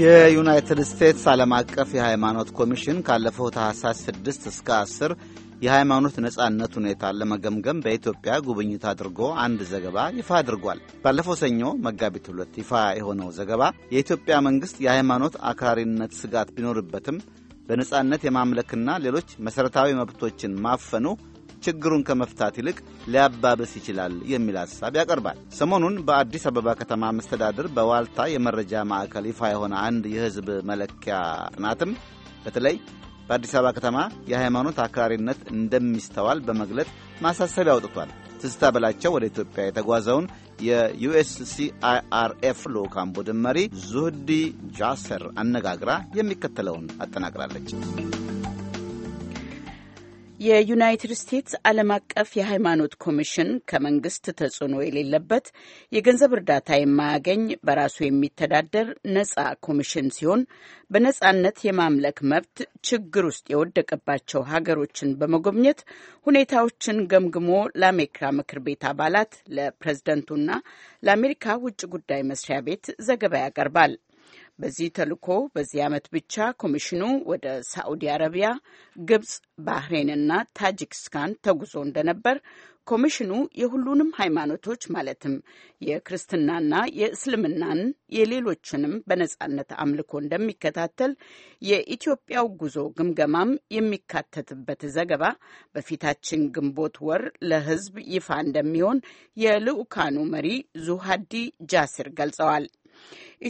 የዩናይትድ ስቴትስ ዓለም አቀፍ የሃይማኖት ኮሚሽን ካለፈው ታህሳስ 6 እስከ 10 የሃይማኖት ነጻነት ሁኔታን ለመገምገም በኢትዮጵያ ጉብኝት አድርጎ አንድ ዘገባ ይፋ አድርጓል። ባለፈው ሰኞ መጋቢት ሁለት ይፋ የሆነው ዘገባ የኢትዮጵያ መንግሥት የሃይማኖት አክራሪነት ስጋት ቢኖርበትም በነጻነት የማምለክና ሌሎች መሠረታዊ መብቶችን ማፈኑ ችግሩን ከመፍታት ይልቅ ሊያባብስ ይችላል የሚል ሐሳብ ያቀርባል። ሰሞኑን በአዲስ አበባ ከተማ መስተዳድር በዋልታ የመረጃ ማዕከል ይፋ የሆነ አንድ የሕዝብ መለኪያ ጥናትም በተለይ በአዲስ አበባ ከተማ የሃይማኖት አክራሪነት እንደሚስተዋል በመግለጥ ማሳሰቢያ አውጥቷል። ትዝታ በላቸው ወደ ኢትዮጵያ የተጓዘውን የዩኤስሲአይአርኤፍ ልዑካን ቡድን መሪ ዙህዲ ጃሰር አነጋግራ የሚከተለውን አጠናቅራለች። የዩናይትድ ስቴትስ ዓለም አቀፍ የሃይማኖት ኮሚሽን ከመንግስት ተጽዕኖ የሌለበት የገንዘብ እርዳታ የማያገኝ በራሱ የሚተዳደር ነጻ ኮሚሽን ሲሆን በነጻነት የማምለክ መብት ችግር ውስጥ የወደቀባቸው ሀገሮችን በመጎብኘት ሁኔታዎችን ገምግሞ ለአሜሪካ ምክር ቤት አባላት ለፕሬዝደንቱና ለአሜሪካ ውጭ ጉዳይ መስሪያ ቤት ዘገባ ያቀርባል። በዚህ ተልእኮ በዚህ ዓመት ብቻ ኮሚሽኑ ወደ ሳዑዲ አረቢያ፣ ግብፅ ባህሬንና ታጂክስታን ተጉዞ እንደነበር ኮሚሽኑ የሁሉንም ሃይማኖቶች ማለትም የክርስትናና የእስልምናን የሌሎችንም በነጻነት አምልኮ እንደሚከታተል የኢትዮጵያው ጉዞ ግምገማም የሚካተትበት ዘገባ በፊታችን ግንቦት ወር ለሕዝብ ይፋ እንደሚሆን የልዑካኑ መሪ ዙሃዲ ጃሲር ገልጸዋል።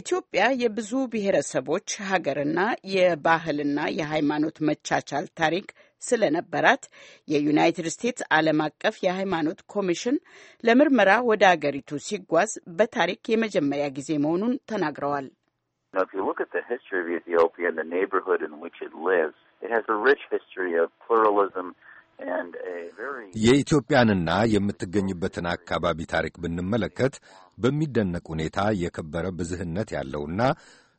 ኢትዮጵያ የብዙ ብሔረሰቦች ሀገርና የባህልና የሃይማኖት መቻቻል ታሪክ ስለነበራት የዩናይትድ ስቴትስ ዓለም አቀፍ የሃይማኖት ኮሚሽን ለምርመራ ወደ አገሪቱ ሲጓዝ በታሪክ የመጀመሪያ ጊዜ መሆኑን ተናግረዋል። የኢትዮጵያንና የምትገኝበትን አካባቢ ታሪክ ብንመለከት በሚደነቅ ሁኔታ የከበረ ብዝህነት ያለውና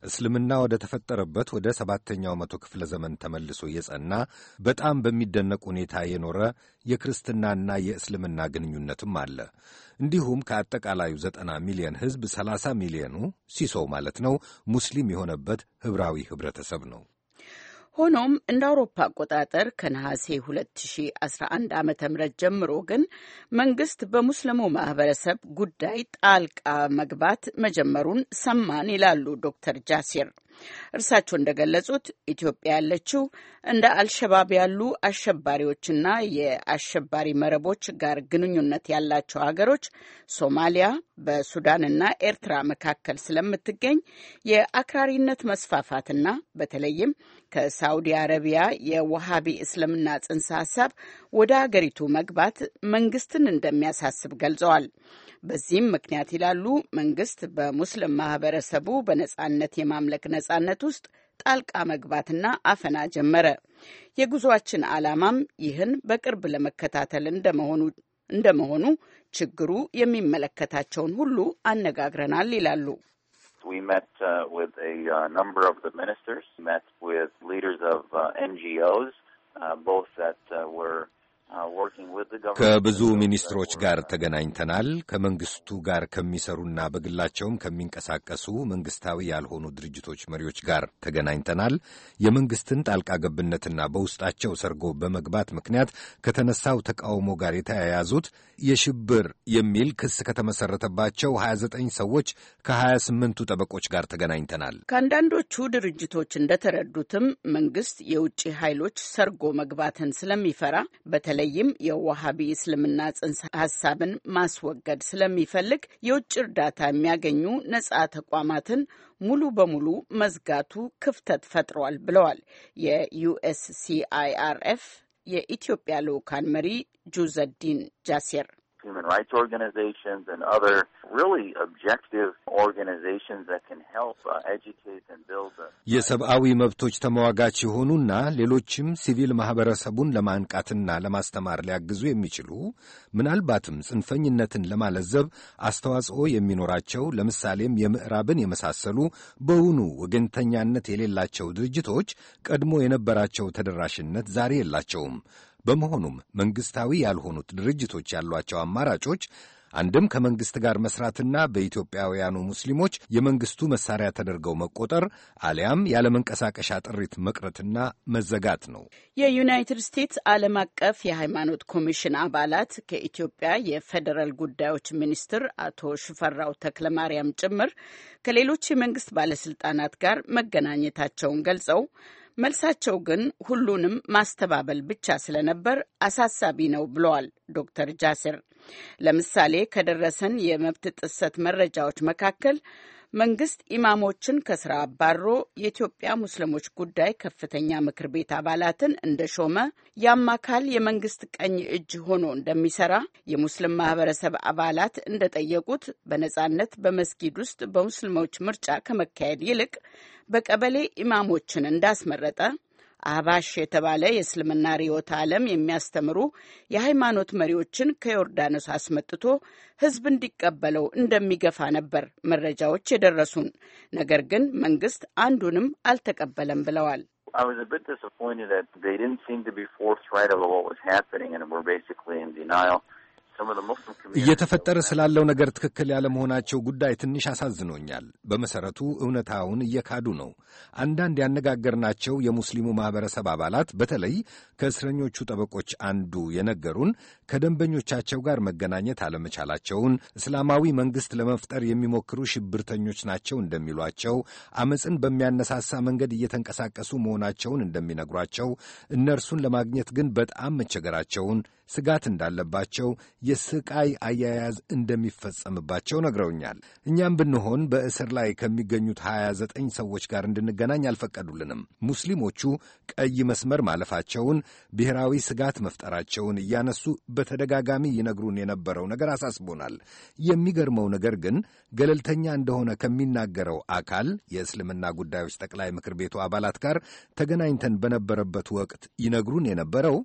እስልምና ወደ ተፈጠረበት ወደ ሰባተኛው መቶ ክፍለ ዘመን ተመልሶ የጸና በጣም በሚደነቅ ሁኔታ የኖረ የክርስትናና የእስልምና ግንኙነትም አለ። እንዲሁም ከአጠቃላዩ ዘጠና ሚሊዮን ሕዝብ ሰላሳ ሚሊዮኑ ሲሶው ማለት ነው ሙስሊም የሆነበት ኅብራዊ ኅብረተሰብ ነው። ሆኖም እንደ አውሮፓ አቆጣጠር ከነሐሴ 2011 ዓ ም ጀምሮ ግን መንግስት በሙስሊሙ ማህበረሰብ ጉዳይ ጣልቃ መግባት መጀመሩን ሰማን ይላሉ ዶክተር ጃሲር። እርሳቸው እንደገለጹት ኢትዮጵያ ያለችው እንደ አልሸባብ ያሉ አሸባሪዎችና የአሸባሪ መረቦች ጋር ግንኙነት ያላቸው ሀገሮች ሶማሊያ፣ በሱዳንና ኤርትራ መካከል ስለምትገኝ የአክራሪነት መስፋፋትና በተለይም ከሳውዲ አረቢያ የዋሃቢ እስልምና ጽንሰ ሀሳብ ወደ አገሪቱ መግባት መንግስትን እንደሚያሳስብ ገልጸዋል። በዚህም ምክንያት ይላሉ መንግስት በሙስሊም ማህበረሰቡ በነጻነት የማምለክ ነጻነት ውስጥ ጣልቃ መግባትና አፈና ጀመረ። የጉዟችን ዓላማም ይህን በቅርብ ለመከታተል እንደመሆኑ ችግሩ የሚመለከታቸውን ሁሉ አነጋግረናል ይላሉ። ከብዙ ሚኒስትሮች ጋር ተገናኝተናል። ከመንግስቱ ጋር ከሚሰሩና በግላቸውም ከሚንቀሳቀሱ መንግስታዊ ያልሆኑ ድርጅቶች መሪዎች ጋር ተገናኝተናል። የመንግስትን ጣልቃ ገብነትና በውስጣቸው ሰርጎ በመግባት ምክንያት ከተነሳው ተቃውሞ ጋር የተያያዙት የሽብር የሚል ክስ ከተመሰረተባቸው 29 ሰዎች ከ28ቱ ጠበቆች ጋር ተገናኝተናል። ከአንዳንዶቹ ድርጅቶች እንደተረዱትም መንግስት የውጭ ኃይሎች ሰርጎ መግባትን ስለሚፈራ በተለይም የዋሃቢ እስልምና ጽንሰ ሀሳብን ማስወገድ ስለሚፈልግ የውጭ እርዳታ የሚያገኙ ነጻ ተቋማትን ሙሉ በሙሉ መዝጋቱ ክፍተት ፈጥሯል ብለዋል የዩኤስሲአይአርኤፍ የኢትዮጵያ ልዑካን መሪ ጁዘዲን ጃሴር። human rights organizations and other really objective organizations that can help uh, educate and build the የሰብአዊ መብቶች ተመዋጋች የሆኑና ሌሎችም ሲቪል ማህበረሰቡን ለማንቃትና ለማስተማር ሊያግዙ የሚችሉ ምናልባትም ጽንፈኝነትን ለማለዘብ አስተዋጽኦ የሚኖራቸው ለምሳሌም የምዕራብን የመሳሰሉ በውኑ ወገንተኛነት የሌላቸው ድርጅቶች ቀድሞ የነበራቸው ተደራሽነት ዛሬ የላቸውም። በመሆኑም መንግሥታዊ ያልሆኑት ድርጅቶች ያሏቸው አማራጮች አንድም ከመንግሥት ጋር መስራትና በኢትዮጵያውያኑ ሙስሊሞች የመንግሥቱ መሳሪያ ተደርገው መቆጠር አሊያም ያለመንቀሳቀሻ ጥሪት መቅረትና መዘጋት ነው። የዩናይትድ ስቴትስ ዓለም አቀፍ የሃይማኖት ኮሚሽን አባላት ከኢትዮጵያ የፌዴራል ጉዳዮች ሚኒስትር አቶ ሽፈራው ተክለማርያም ጭምር ከሌሎች የመንግሥት ባለሥልጣናት ጋር መገናኘታቸውን ገልጸው መልሳቸው ግን ሁሉንም ማስተባበል ብቻ ስለነበር አሳሳቢ ነው ብለዋል ዶክተር ጃሲር። ለምሳሌ ከደረሰን የመብት ጥሰት መረጃዎች መካከል መንግስት ኢማሞችን ከስራ አባሮ የኢትዮጵያ ሙስሊሞች ጉዳይ ከፍተኛ ምክር ቤት አባላትን እንደሾመ ያም አካል የመንግስት ቀኝ እጅ ሆኖ እንደሚሰራ የሙስሊም ማህበረሰብ አባላት እንደጠየቁት በነጻነት በመስጊድ ውስጥ በሙስሊሞች ምርጫ ከመካሄድ ይልቅ በቀበሌ ኢማሞችን እንዳስመረጠ አህባሽ የተባለ የእስልምና ርዕዮተ ዓለም የሚያስተምሩ የሃይማኖት መሪዎችን ከዮርዳኖስ አስመጥቶ ሕዝብ እንዲቀበለው እንደሚገፋ ነበር መረጃዎች የደረሱን። ነገር ግን መንግስት አንዱንም አልተቀበለም ብለዋል። እየተፈጠረ ስላለው ነገር ትክክል ያለመሆናቸው ጉዳይ ትንሽ አሳዝኖኛል። በመሰረቱ እውነታውን እየካዱ ነው። አንዳንድ ያነጋገርናቸው የሙስሊሙ ማህበረሰብ አባላት በተለይ ከእስረኞቹ ጠበቆች አንዱ የነገሩን ከደንበኞቻቸው ጋር መገናኘት አለመቻላቸውን፣ እስላማዊ መንግስት ለመፍጠር የሚሞክሩ ሽብርተኞች ናቸው እንደሚሏቸው፣ አመፅን በሚያነሳሳ መንገድ እየተንቀሳቀሱ መሆናቸውን እንደሚነግሯቸው፣ እነርሱን ለማግኘት ግን በጣም መቸገራቸውን ስጋት እንዳለባቸው፣ የስቃይ አያያዝ እንደሚፈጸምባቸው ነግረውኛል። እኛም ብንሆን በእስር ላይ ከሚገኙት 29 ሰዎች ጋር እንድንገናኝ አልፈቀዱልንም። ሙስሊሞቹ ቀይ መስመር ማለፋቸውን፣ ብሔራዊ ስጋት መፍጠራቸውን እያነሱ በተደጋጋሚ ይነግሩን የነበረው ነገር አሳስቦናል። የሚገርመው ነገር ግን ገለልተኛ እንደሆነ ከሚናገረው አካል የእስልምና ጉዳዮች ጠቅላይ ምክር ቤቱ አባላት ጋር ተገናኝተን በነበረበት ወቅት ይነግሩን የነበረው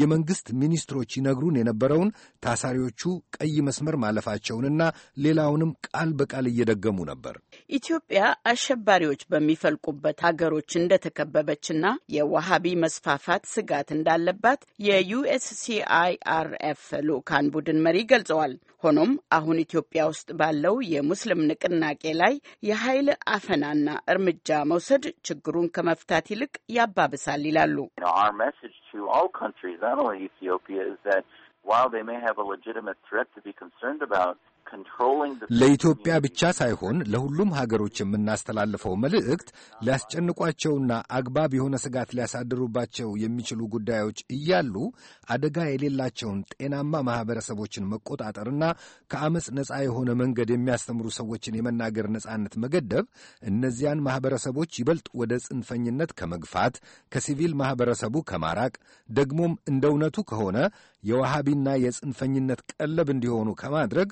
የመንግስት ሚኒስትሮች ምስክሮች ይነግሩን የነበረውን ታሳሪዎቹ ቀይ መስመር ማለፋቸውንና ሌላውንም ቃል በቃል እየደገሙ ነበር። ኢትዮጵያ አሸባሪዎች በሚፈልቁበት ሀገሮች እንደተከበበችና የዋሃቢ መስፋፋት ስጋት እንዳለባት የዩኤስሲአይአርኤፍ ልዑካን ቡድን መሪ ገልጸዋል። ሆኖም አሁን ኢትዮጵያ ውስጥ ባለው የሙስሊም ንቅናቄ ላይ የኃይል አፈናና እርምጃ መውሰድ ችግሩን ከመፍታት ይልቅ ያባብሳል ይላሉ። to all countries, not only Ethiopia, is that while they may have a legitimate threat to be concerned about, ለኢትዮጵያ ብቻ ሳይሆን ለሁሉም ሀገሮች የምናስተላልፈው መልእክት ሊያስጨንቋቸውና አግባብ የሆነ ስጋት ሊያሳድሩባቸው የሚችሉ ጉዳዮች እያሉ አደጋ የሌላቸውን ጤናማ ማህበረሰቦችን መቆጣጠርና ከአመፅ ነፃ የሆነ መንገድ የሚያስተምሩ ሰዎችን የመናገር ነፃነት መገደብ እነዚያን ማህበረሰቦች ይበልጥ ወደ ጽንፈኝነት ከመግፋት ከሲቪል ማህበረሰቡ ከማራቅ ደግሞም እንደ እውነቱ ከሆነ የዋሃቢና የጽንፈኝነት ቀለብ እንዲሆኑ ከማድረግ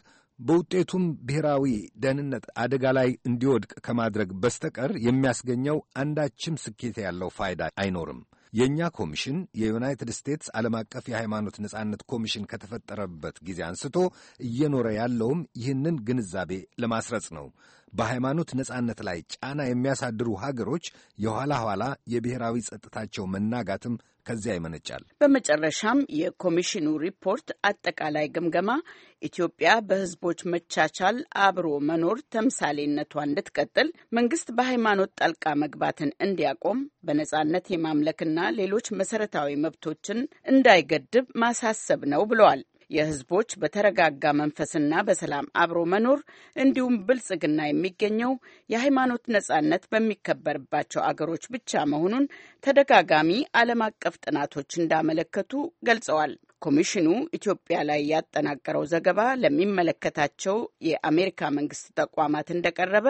በውጤቱም ብሔራዊ ደህንነት አደጋ ላይ እንዲወድቅ ከማድረግ በስተቀር የሚያስገኘው አንዳችም ስኬት ያለው ፋይዳ አይኖርም። የእኛ ኮሚሽን የዩናይትድ ስቴትስ ዓለም አቀፍ የሃይማኖት ነጻነት ኮሚሽን ከተፈጠረበት ጊዜ አንስቶ እየኖረ ያለውም ይህንን ግንዛቤ ለማስረጽ ነው። በሃይማኖት ነጻነት ላይ ጫና የሚያሳድሩ ሀገሮች የኋላ ኋላ የብሔራዊ ጸጥታቸው መናጋትም ከዚያ ይመነጫል። በመጨረሻም የኮሚሽኑ ሪፖርት አጠቃላይ ግምገማ ኢትዮጵያ በህዝቦች መቻቻል፣ አብሮ መኖር ተምሳሌነቷ እንድትቀጥል መንግስት በሃይማኖት ጣልቃ መግባትን እንዲያቆም በነጻነት የማምለክና መብቶችንና ሌሎች መሰረታዊ መብቶችን እንዳይገድብ ማሳሰብ ነው ብለዋል። የህዝቦች በተረጋጋ መንፈስና በሰላም አብሮ መኖር እንዲሁም ብልጽግና የሚገኘው የሃይማኖት ነጻነት በሚከበርባቸው አገሮች ብቻ መሆኑን ተደጋጋሚ ዓለም አቀፍ ጥናቶች እንዳመለከቱ ገልጸዋል። ኮሚሽኑ ኢትዮጵያ ላይ ያጠናቀረው ዘገባ ለሚመለከታቸው የአሜሪካ መንግስት ተቋማት እንደቀረበ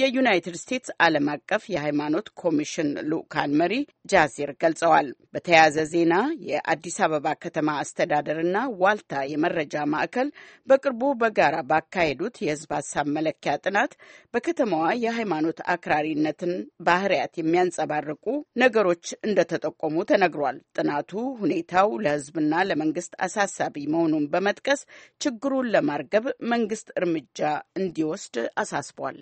የዩናይትድ ስቴትስ ዓለም አቀፍ የሃይማኖት ኮሚሽን ልዑካን መሪ ጃዚር ገልጸዋል። በተያያዘ ዜና የአዲስ አበባ ከተማ አስተዳደርና ዋልታ የመረጃ ማዕከል በቅርቡ በጋራ ባካሄዱት የህዝብ ሀሳብ መለኪያ ጥናት በከተማዋ የሃይማኖት አክራሪነትን ባህሪያት የሚያንጸባርቁ ነገሮች እንደተጠቆሙ ተነግሯል። ጥናቱ ሁኔታው ለህዝብና መንግስት አሳሳቢ መሆኑን በመጥቀስ ችግሩን ለማርገብ መንግስት እርምጃ እንዲወስድ አሳስቧል።